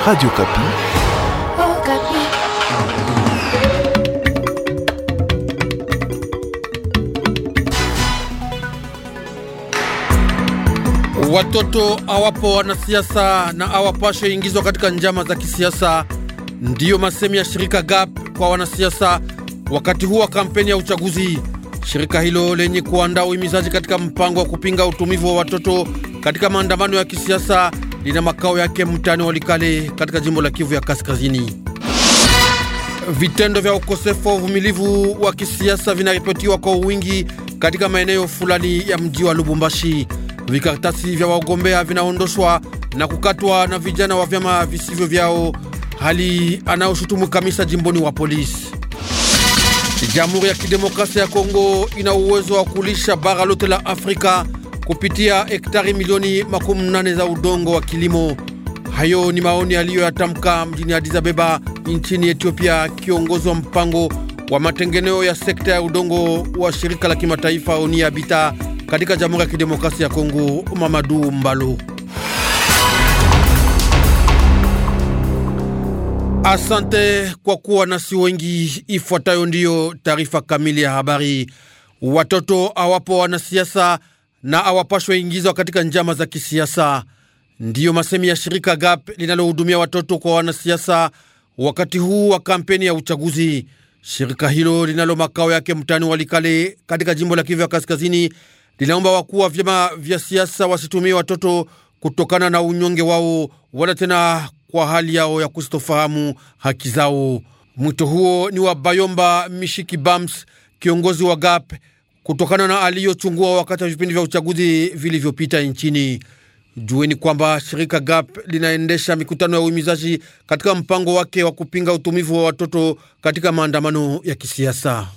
Radio Kapi. Oh, Kapi. Watoto awapo wanasiasa na awapashe ingizwa katika njama za kisiasa, ndiyo masemi ya shirika GAP kwa wanasiasa wakati huu wa kampeni ya uchaguzi. Shirika hilo lenye kuandaa uhimizaji katika mpango wa kupinga utumivu wa watoto katika maandamano ya kisiasa lina makao yake mtaani Walikale katika jimbo la Kivu ya Kaskazini. Vitendo vya ukosefu wa uvumilivu wa kisiasa vinaripotiwa kwa wingi katika maeneo fulani ya mji wa Lubumbashi. Vikaratasi vya wagombea vinaondoshwa na kukatwa na vijana wa vyama visivyo vyao, hali anayoshutumu kamisa jimboni wa polisi. Jamhuri ya Kidemokrasia ya Kongo ina uwezo wa kulisha bara lote la Afrika kupitia hektari milioni makumi nane za udongo wa kilimo. Hayo ni maoni aliyoyatamka mjini Addis Ababa nchini Ethiopia, kiongozi wa mpango wa matengeneo ya sekta ya udongo wa shirika la kimataifa Oni Abita katika Jamhuri ya Kidemokrasia ya Kongo, Mamadu Mbalo. Asante kwa kuwa nasi wengi. Ifuatayo ndiyo taarifa kamili ya habari. Watoto awapo wanasiasa na awapashwe ingizwa katika njama za kisiasa. Ndiyo masemi ya shirika GAP linalohudumia watoto kwa wanasiasa wakati huu wa kampeni ya uchaguzi. Shirika hilo linalo makao yake mtaani Walikale katika jimbo la Kivu ya Kaskazini linaomba wakuu wa vyama vya siasa wasitumie watoto kutokana na unyonge wao wala tena kwa hali yao ya kusitofahamu haki zao. Mwito huo ni wa Bayomba Mishiki Bams, kiongozi wa GAP kutokana na aliyochungua wakati wa vipindi vya uchaguzi vilivyopita nchini. Jueni kwamba shirika GAP linaendesha mikutano ya uhimizaji katika mpango wake wa kupinga utumivu wa watoto katika maandamano ya kisiasa.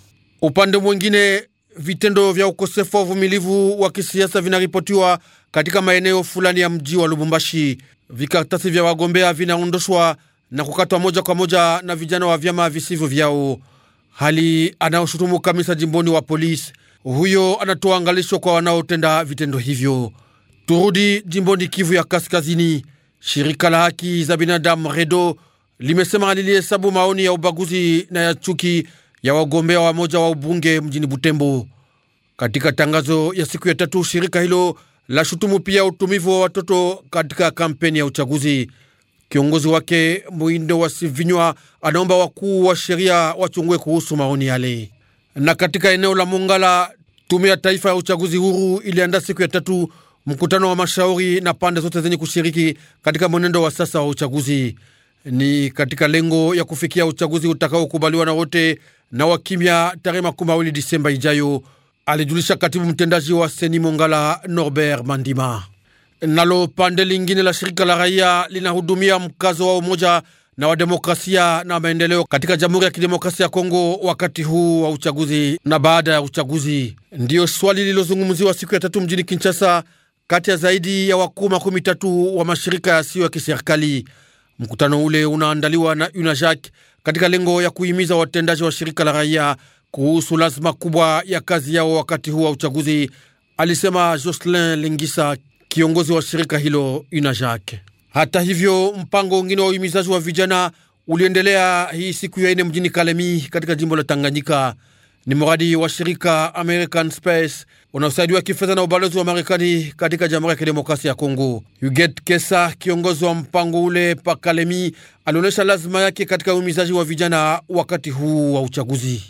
Upande mwingine, vitendo vya ukosefu wa uvumilivu wa kisiasa vinaripotiwa katika maeneo fulani ya mji wa Lubumbashi. Vikaratasi vya wagombea vinaondoshwa na kukatwa moja kwa moja na vijana wa vyama visivyo vyao, hali anayoshutumu kamisa jimboni wa polisi huyo anatoa angalisho kwa wanaotenda vitendo hivyo. Turudi jimboni Kivu ya Kaskazini. Shirika la haki za binadamu REDO limesema lilihesabu maoni ya ubaguzi na ya chuki ya wagombea wa moja wa ubunge mjini Butembo. Katika tangazo ya siku ya tatu, shirika hilo la shutumu pia utumivu wa watoto katika kampeni ya uchaguzi. Kiongozi wake Muindo wa Sivinywa anaomba wakuu wa sheria wachungue kuhusu maoni yale. Na katika eneo la Mongala, tume ya taifa ya uchaguzi huru ilianda siku ya tatu mkutano wa mashauri na pande zote zenye kushiriki katika mwenendo wa sasa wa uchaguzi. Ni katika lengo ya kufikia uchaguzi utakaokubaliwa na wote na wakimya tarehe makumi mawili Disemba ijayo, alijulisha katibu mtendaji wa Seni Mongala Norbert Mandima. Nalo pande lingine la shirika la raia linahudumia mkazo wa umoja na wa demokrasia na maendeleo katika Jamhuri ya Kidemokrasia ya Kongo wakati huu wa uchaguzi na baada ya uchaguzi, ndiyo swali lililozungumziwa siku ya tatu mjini Kinshasa kati ya zaidi ya wakuu makumi tatu wa mashirika yasiyo ya kiserikali. Mkutano ule unaandaliwa na UNAJAK katika lengo ya kuhimiza watendaji wa shirika la raia kuhusu lazima kubwa ya kazi yao wakati huu wa uchaguzi, alisema joselin Lingisa, kiongozi wa shirika hilo UNAJAC. Hata hivyo, mpango wengine wa uhimizaji wa vijana uliendelea hii siku ya ine mjini Kalemi katika jimbo la Tanganyika. Ni mradi wa shirika American Space unaosaidiwa kifedha na ubalozi wa Marekani katika Jamhuri ya Kidemokrasia ya Kongo. Huget Kesa, kiongozi wa mpango ule pa Kalemi, alionyesha lazima yake katika uhimizaji wa vijana wakati huu wa uchaguzi.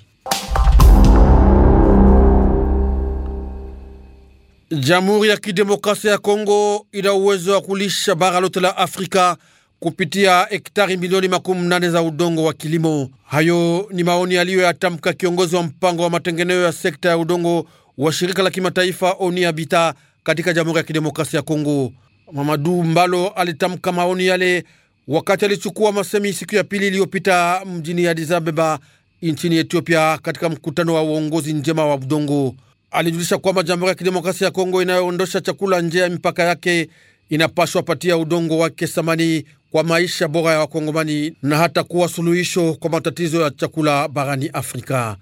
Jamhuri ya Kidemokrasia ya Kongo ina uwezo wa kulisha bara lote la Afrika kupitia hektari milioni makumi nane za udongo wa kilimo. Hayo ni maoni aliyoyatamka kiongozi wa mpango wa matengenezo ya sekta ya udongo wa shirika la kimataifa ONU Habitat katika Jamhuri ya Kidemokrasia ya Kongo. Mamadu Mbalo alitamka maoni yale wakati alichukua masemi siku ya pili iliyopita mjini Addis Ababa nchini Ethiopia katika mkutano wa uongozi njema wa udongo alijulisha kwamba Jamhuri ya Kidemokrasia ya Kongo inayoondosha chakula nje ya mipaka yake inapashwa patia udongo wake thamani kwa maisha bora ya Wakongomani na hata kuwa suluhisho kwa matatizo ya chakula barani Afrika.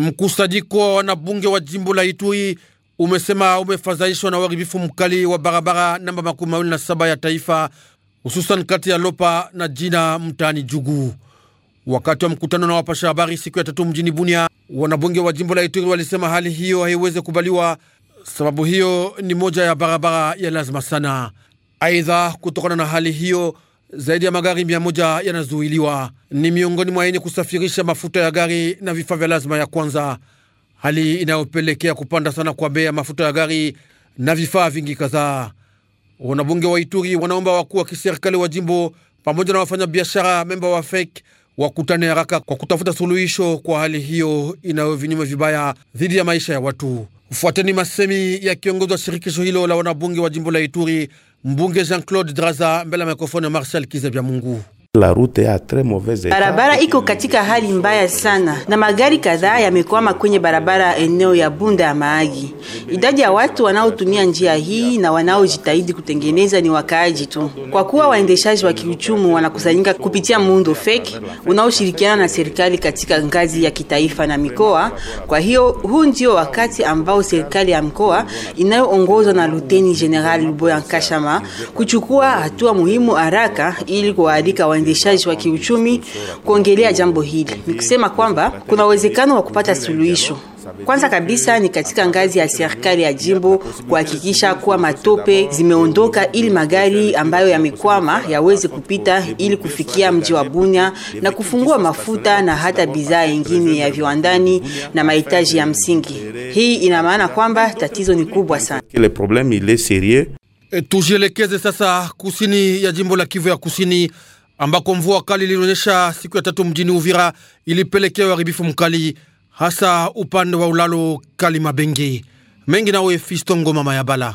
Mkusanyiko wa wanabunge wa jimbo la Ituri umesema umefadhaishwa na uharibifu mkali wa barabara namba makumi mawili na saba ya taifa hususan kati ya Lopa na Jina mtaani Jugu. Wakati wa mkutano na wapasha habari siku ya tatu mjini Bunia, wanabunge wa jimbo la Ituri walisema hali hiyo haiwezi kubaliwa, sababu hiyo ni moja ya barabara ya lazima sana. Aidha, kutokana na hali hiyo zaidi ya magari mia moja yanazuiliwa, ni miongoni mwa yenye kusafirisha mafuta ya gari na vifaa vya lazima ya kwanza, hali inayopelekea kupanda sana kwa bei ya mafuta ya gari na vifaa vingi kadhaa. Wanabunge wa Ituri wanaomba wakuu wa kiserikali wa jimbo pamoja na wafanyabiashara memba wa FEK wakutane haraka kwa kutafuta suluhisho kwa hali hiyo inayovinyuma vibaya dhidi ya maisha ya watu. Fuateni masemi ya kiongozi wa shirikisho hilo la wanabunge wa jimbo la Ituri, mbunge Jean Claude Draza, mbele ya mikrofoni ya Marshal Kizebya Mungu. La route ya très mauvaise barabara iko katika hali mbaya sana, na magari kadhaa yamekwama kwenye barabara eneo ya Bunda ya Maagi. Idadi ya watu wanaotumia njia hii na wanaojitahidi kutengeneza ni wakaaji tu, kwa kuwa waendeshaji wa kiuchumi wanakusanyika kupitia muundo fake unaoshirikiana na serikali katika ngazi ya kitaifa na mikoa. Kwa hiyo huu ndio wakati ambao serikali ya mkoa inayoongozwa na Luteni General Luboya Nkashama kuchukua hatua muhimu haraka ili kuwaalika uendeshaji wa kiuchumi kuongelea jambo hili. Ni kusema kwamba kuna uwezekano wa kupata suluhisho. Kwanza kabisa ni katika ngazi ya serikali ya jimbo kuhakikisha kuwa matope zimeondoka ili magari ambayo yamekwama yaweze kupita ili kufikia mji wa Bunia na kufungua mafuta na hata bidhaa nyingine ya viwandani na mahitaji ya msingi. Hii ina maana kwamba tatizo ni kubwa sana. Eh, tujielekeze sasa kusini ya jimbo la Kivu ya Kusini ambako mvua kali ilionyesha siku ya tatu mjini Uvira ilipelekea uharibifu mkali hasa upande wa ulalo kali mabengi mengi. Nawe Fistongo mama ya bala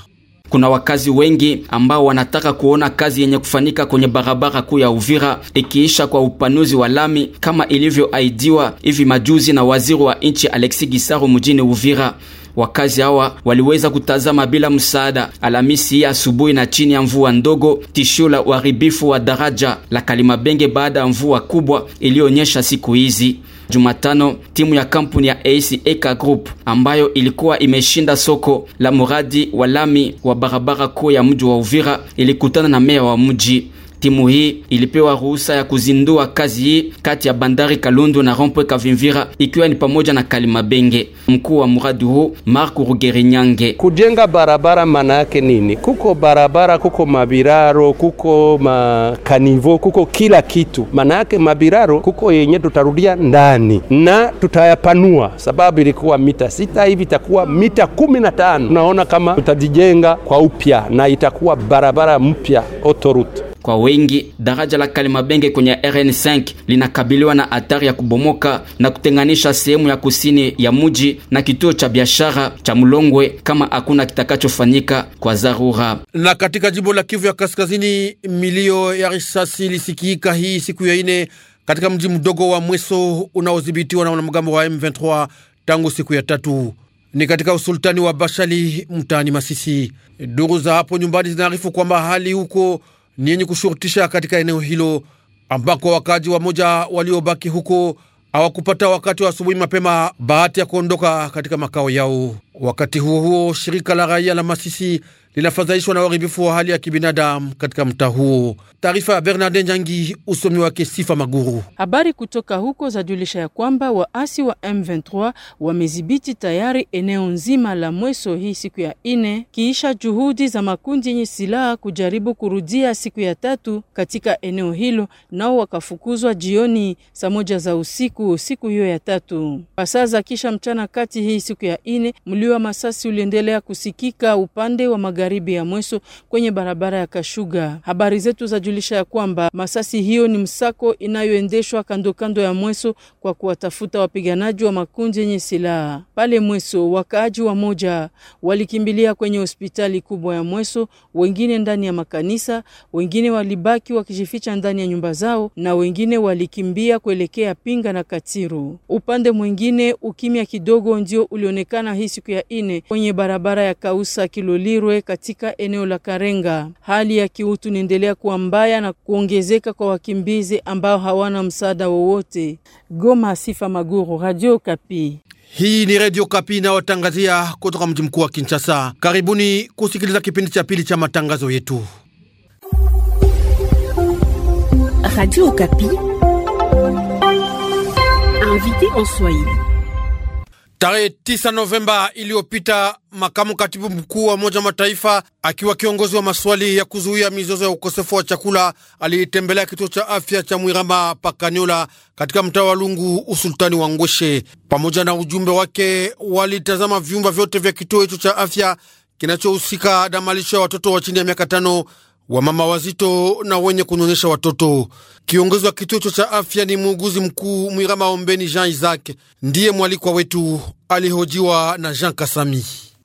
kuna wakazi wengi ambao wanataka kuona kazi yenye kufanyika kwenye barabara kuu ya Uvira ikiisha kwa upanuzi wa lami kama ilivyoahidiwa hivi majuzi na waziri wa nchi Alexis Gisaro mjini Uvira. Wakazi hawa waliweza kutazama bila msaada Alhamisi hii asubuhi, na chini ya mvua ndogo, tishio la uharibifu wa daraja la Kalimabenge baada ya mvua kubwa iliyoonyesha siku hizi. Jumatano timu ya kampuni ya AC Eka Group ambayo ilikuwa imeshinda soko la mradi wa lami wa barabara kuu ya mji wa Uvira ilikutana na meya wa mji. Timu hii ilipewa ruhusa ya kuzindua kazi hii kati ya bandari Kalundu na rompwe Kavimvira, ikiwa ni pamoja na Kalimabenge. Mkuu wa muradi huu Mark rugerinyange kujenga barabara maana yake nini? Kuko barabara, kuko mabiraro, kuko makanivo, kuko kila kitu. Maana yake mabiraro kuko yenye tutarudia ndani na tutayapanua, sababu ilikuwa mita sita, hivi itakuwa mita kumi na tano. Tunaona kama tutajijenga kwa upya na itakuwa barabara mpya autoroute kwa wengi. Daraja la Kalimabenge kwenye RN5 linakabiliwa na hatari ya kubomoka na kutenganisha sehemu ya kusini ya muji na kituo cha biashara cha mulongwe kama hakuna kitakachofanyika kwa dharura. Na katika jimbo la Kivu ya Kaskazini, milio ya risasi ilisikika hii siku ya ine katika mji mdogo wa Mweso unaodhibitiwa na wanamgambo wa M23 tangu siku ya tatu ni katika usultani wa Bashali mtaani Masisi. Duru za hapo nyumbani zinaarifu kwamba hali huko ni yenye kushurutisha katika eneo hilo ambako wakaji wa moja waliobaki huko hawakupata wakati wa asubuhi mapema bahati ya kuondoka katika makao yao. Wakati huo huo, shirika la raia la Masisi linafadhaishwa na uharibifu wa hali ya kibinadamu katika mtaa huo. Taarifa ya Bernard Nyangi, usomi wake Sifa Maguru. Habari kutoka huko zajulisha ya kwamba waasi wa M23 wamezibiti tayari eneo nzima la Mweso hii siku ya ine, kiisha juhudi za makundi yenye silaha kujaribu kurudia siku ya tatu katika eneo hilo, nao wakafukuzwa jioni saa moja za usiku siku hiyo ya tatu. Pasaza kisha mchana kati hii siku ya ine, mlio wa masasi uliendelea kusikika upande wa magharibi ya Mweso kwenye barabara ya Kashuga. Habari zetu zajulisha ya kwamba masasi hiyo ni msako inayoendeshwa kandokando ya Mweso kwa kuwatafuta wapiganaji wa makundi yenye silaha pale Mweso. Wakaaji wa moja walikimbilia kwenye hospitali kubwa ya Mweso, wengine ndani ya makanisa, wengine walibaki wakijificha ndani ya nyumba zao, na wengine walikimbia kuelekea Pinga na Katiru. Upande mwingine, ukimya kidogo ndio ulionekana hii siku ya ine kwenye barabara ya Kausa Kilolirwe katika eneo la Karenga. Hali ya kiutu inaendelea kuwa mbaya na kuongezeka kwa wakimbizi ambao hawana msaada wowote. Goma, Sifa Maguru, Radio Kapi. Hii ni radio Kapi inayowatangazia kutoka mji mkuu wa Kinshasa. Karibuni kusikiliza kipindi cha pili cha matangazo yetu Radio Kapi. Invité en Swahili. Tarehe 9 Novemba iliyopita, makamu katibu mkuu wa Umoja Mataifa akiwa kiongozi wa maswali ya kuzuia mizozo ya ukosefu wa chakula aliitembelea kituo cha afya cha Mwirama Pakanyola katika mtaa wa Lungu, usultani wa Ngweshe. Pamoja na ujumbe wake, walitazama viumba vyote vya kituo hicho cha afya kinachohusika na malisho ya watoto wa chini ya miaka tano wamama wazito na wenye kunyonyesha watoto. Kiongozi wa kituo cha afya ni muuguzi mkuu Mwirama maombeni Jean Isaac, ndiye mwalikwa wetu, alihojiwa na Jean Kasami.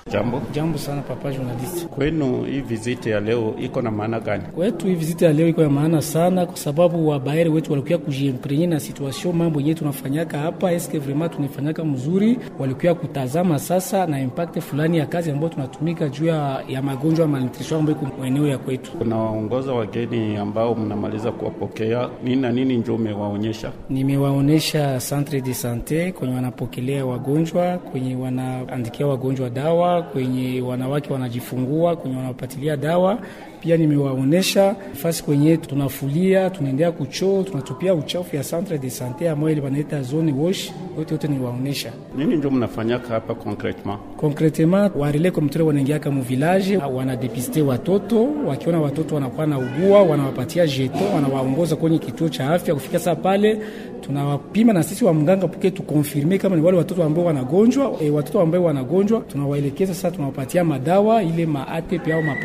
Jambo, jambo sana papa journalist. Kwenu hii viziti ya leo iko na maana gani? Kwetu hii vizite ya leo iko na maana sana, kwa sababu wabaere wetu walikuwa kujiimprenye na situation, mambo yenyewe tunafanyaka hapa, eske vraiment tunafanyaka mzuri. walikuwa kutazama sasa na impact fulani ya kazi ambayo tunatumika juu ya magonjwa ya malnutrition ambayo iko eneo ya kwetu. waongoza wageni ambao mnamaliza kuwapokea, nini na nini njo umewaonyesha? Nimewaonyesha centre de santé kwenye wanapokelea wagonjwa, kwenye wanaandikia wagonjwa dawa kwenye wanawake wanajifungua, kwenye wanapatilia dawa. Pia nimewaonesha fasi kwenye tunafulia, tunaendea kuchoo, tunatupia uchafu ya centre de sante ambayo wanaita zone wash, yote yote niwaonesha. Nini ndio mnafanyaka hapa concretement? Concretement wa relais comme communautaire wanaingiaka mu village, wanadepiste watoto, wakiona watoto wanakuwa na ugua, wanawapatia jeton, wanawaongoza kwenye kituo cha afya. Kufika saa pale tunawapima na sisi wa mganga puke tukonfirme kama ni wale watoto ambao wanagonjwa, e, watoto ambao wanagonjwa tunawaelekeza tunawaelekeza sasa, tunawapatia madawa ile ma ATP au ma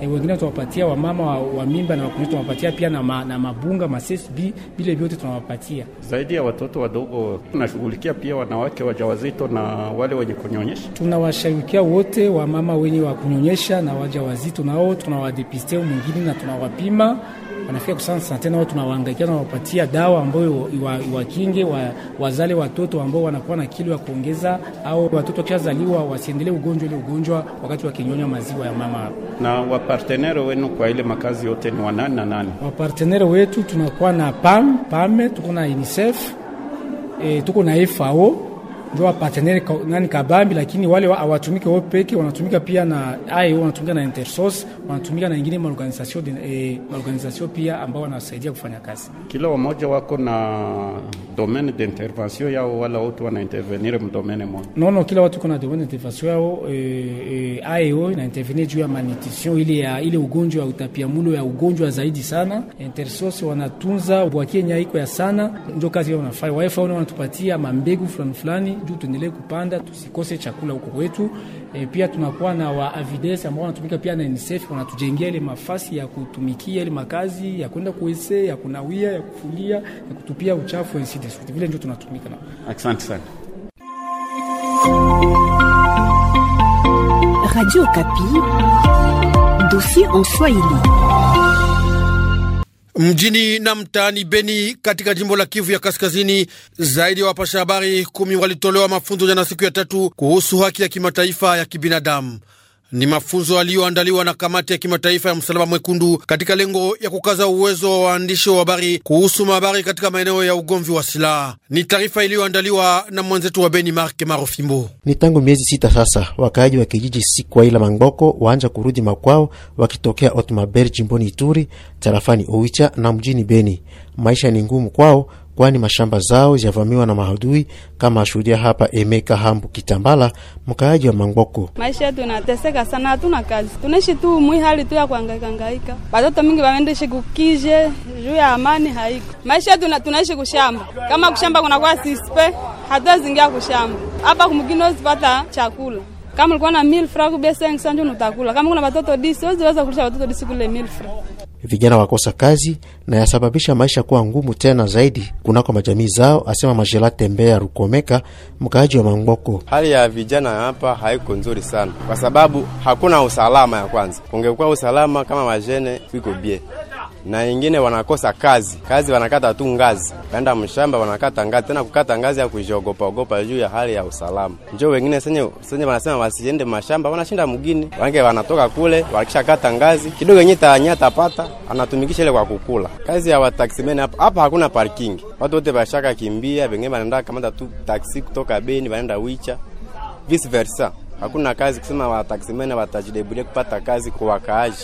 e, wengine tunawapatia wamama wa, wa mimba na wakunje, tunawapatia pia na, ma, na mabunga CSB vile vyote tunawapatia. Zaidi ya watoto wadogo, tunashughulikia pia wanawake wajawazito na wale wenye kunyonyesha. Tunawashirikia wote wamama wenye wa kunyonyesha na wajawazito, nao tunawadepiste mwingine na tunawapima wanafika kusana sana tena, wao tunawaangaikia na wapatia dawa ambayo iwakinge wa, wa wazale watoto ambao wanakuwa na kilo ya kuongeza, au watoto wakishazaliwa wasiendelee ugonjwa ile ugonjwa wakati wakinyonya maziwa ya mama. Na wapartenere wenu kwa ile makazi yote ni wanani na nani? Wapartenere wetu tunakuwa na PAM, PAME, tuko na UNICEF e, tuko na FAO ndio wapartenere nani kabambi, lakini wale awatumike wao peke, wanatumika pia na AEO, wanatumika na Intersos, wanatumika na ingine maorganizasio e, eh, maorganizasio pia ambao wanasaidia kufanya kazi. Kila wamoja wako na domaine d'intervention yao, wala wote wanaintervenire mdomene moja? Nono, kila watu kuna domaine d'intervention yao. E, e, na inaintervenir juu ya malnutrition ile ya ile ugonjwa ya utapiamlo ya ugonjwa zaidi sana. Intersos wanatunza bwakie nyaiko ya sana, ndio kazi yao wanafanya. Waefa wanatupatia mambegu fulani fulani juu tuendelee kupanda, tusikose chakula huko kwetu. E, pia tunakuwa na wa avides ambao wanatumika pia na UNICEF, wanatujengea ile mafasi ya kutumikia ile makazi ya kwenda kuese ya kunawia ya kufulia ya kutupia uchafu Vile ndio tunatumika nao. Asante sana. Radio Kapi, dossier en Swahili mjini na mtaani Beni katika jimbo la Kivu ya Kaskazini, zaidi ya wapasha habari kumi walitolewa mafunzo jana siku ya tatu kuhusu haki ya kimataifa ya kibinadamu. Ni mafunzo aliyoandaliwa na kamati ya kimataifa ya msalaba mwekundu katika lengo ya kukaza uwezo wa waandishi wa habari kuhusu mahabari katika maeneo ya ugomvi wa silaha. Ni taarifa iliyoandaliwa na mwenzetu wa Beni mark Marofimbo. Ni tangu miezi sita sasa, wakaaji wa kijiji Sikwaila Mangoko waanja kurudi makwao wakitokea Otmaber jimboni Ituri, tarafani Oicha na mjini Beni. Maisha ni ngumu kwao kwani mashamba zao zavamiwa na maadui, kama ashuhudia hapa Emeka Hambu Kitambala, mkaaji wa Mangoko. Maisha yetu inateseka sana, hatuna kazi, tunaishi tu mwi hali tu ya kuangaikaangaika. watoto mingi waendeshi kukije juu ya amani haiko. Maisha yetu tunaishi kushamba, kama kushamba kunakuwa sispe, hatuwezingia kushamba hapa kumugini, wezipata chakula kama ulikuwa na mil fra kubia sengi sanjo utakula. Kama kuna watoto disi, weziweza kulisha watoto disi kule mil fra vijana wakosa kazi na yasababisha maisha kuwa ngumu tena zaidi kunako majamii zao, asema Majela Tembea Rukomeka, mkaaji wa Mangoko. Hali ya vijana hapa haiko nzuri sana, kwa sababu hakuna usalama. Ya kwanza, kungekuwa usalama kama majene wiko bie na wengine wanakosa kazi, kazi wanakata tu ngazi, kaenda mshamba wanakata ngazi, tena kukata ngazi ya kujiogopa ogopa juu ya hali ya usalama. Njo wengine senye senye wanasema wasiende mashamba, wanashinda mgini, wange wanatoka kule, kata ngazi kidogo yenye tanyata pata anatumikisha ile kwa kukula. Kazi ya wataximeni hapa hapa, hakuna parking, watu wote bashaka kimbia, wengine wanaenda kamata tu taksi kutoka Beni, wanaenda Wicha vice versa hakuna kazi, kusema wataximena watajidebulia kupata kazi kwa wakaaji.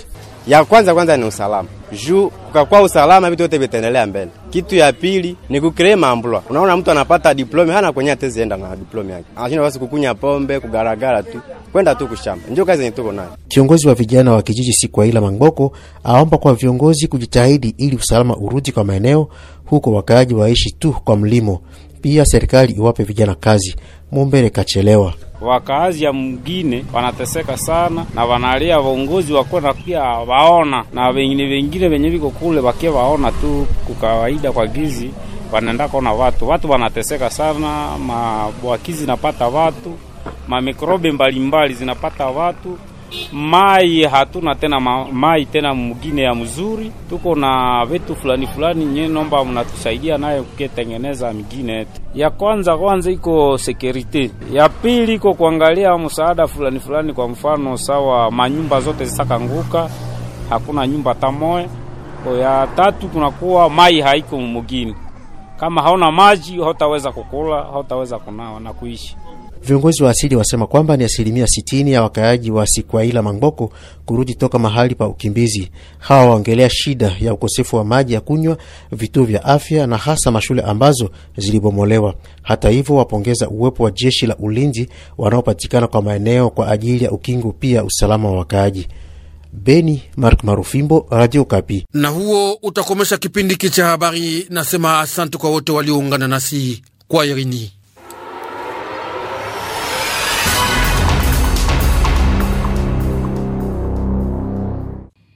Ya kwanza kwanza ni usalama, juu kukakuwa usalama vitu vyote vitaendelea mbele. Kitu ya pili ni kukree mamblwa. Unaona, mtu anapata diplome hana kwenye atezienda na diplome yake, anashinda basi kukunya pombe, kugaragara tu, kwenda tu kushamba, ndio kazi yenye tuko nayo. Kiongozi wa vijana wa kijiji siku Sikwaila Mangoko aomba kwa viongozi kujitahidi ili usalama urudi kwa maeneo huko, wakaaji waishi tu kwa mlimo. Pia serikali iwape vijana kazi. Mumbere kachelewa. Wakaazi ya mgine wanateseka sana na wanalia viongozi wakwenda pia waona na vengine vengine venye viko kule wakia waona tu kukawaida kwa gizi wanaenda kona watu watu wanateseka sana, mabwakizi zinapata watu, mamikrobe mbalimbali zinapata watu mai hatuna tena mai tena mugine ya mzuri, tuko na vitu fulani fulani nye, nomba mnatusaidia naye kutengeneza migine yetu. Ya kwanza kwanza iko sekurite, ya pili iko kuangalia msaada fulani fulani, kwa mfano sawa manyumba zote zisakanguka, hakuna nyumba tamoya. Ya tatu kunakuwa mai haiko mugine, kama haona maji hotaweza kukula, hotaweza kunawa na kuishi. Viongozi wa asili wasema kwamba ni asilimia 60 ya wakaaji wa Sikwaila Mangoko kurudi toka mahali pa ukimbizi. Hawa waongelea shida ya ukosefu wa maji ya kunywa, vituo vya afya na hasa mashule ambazo zilibomolewa. Hata hivyo, wapongeza uwepo wa jeshi la ulinzi wanaopatikana kwa maeneo kwa ajili ya ukingo, pia usalama wa wakaaji. Beni, Mark Marufimbo, Radio Kapi. Na huo utakomesha kipindi hiki cha habari. Nasema asante kwa wote walioungana nasi kwa Irini.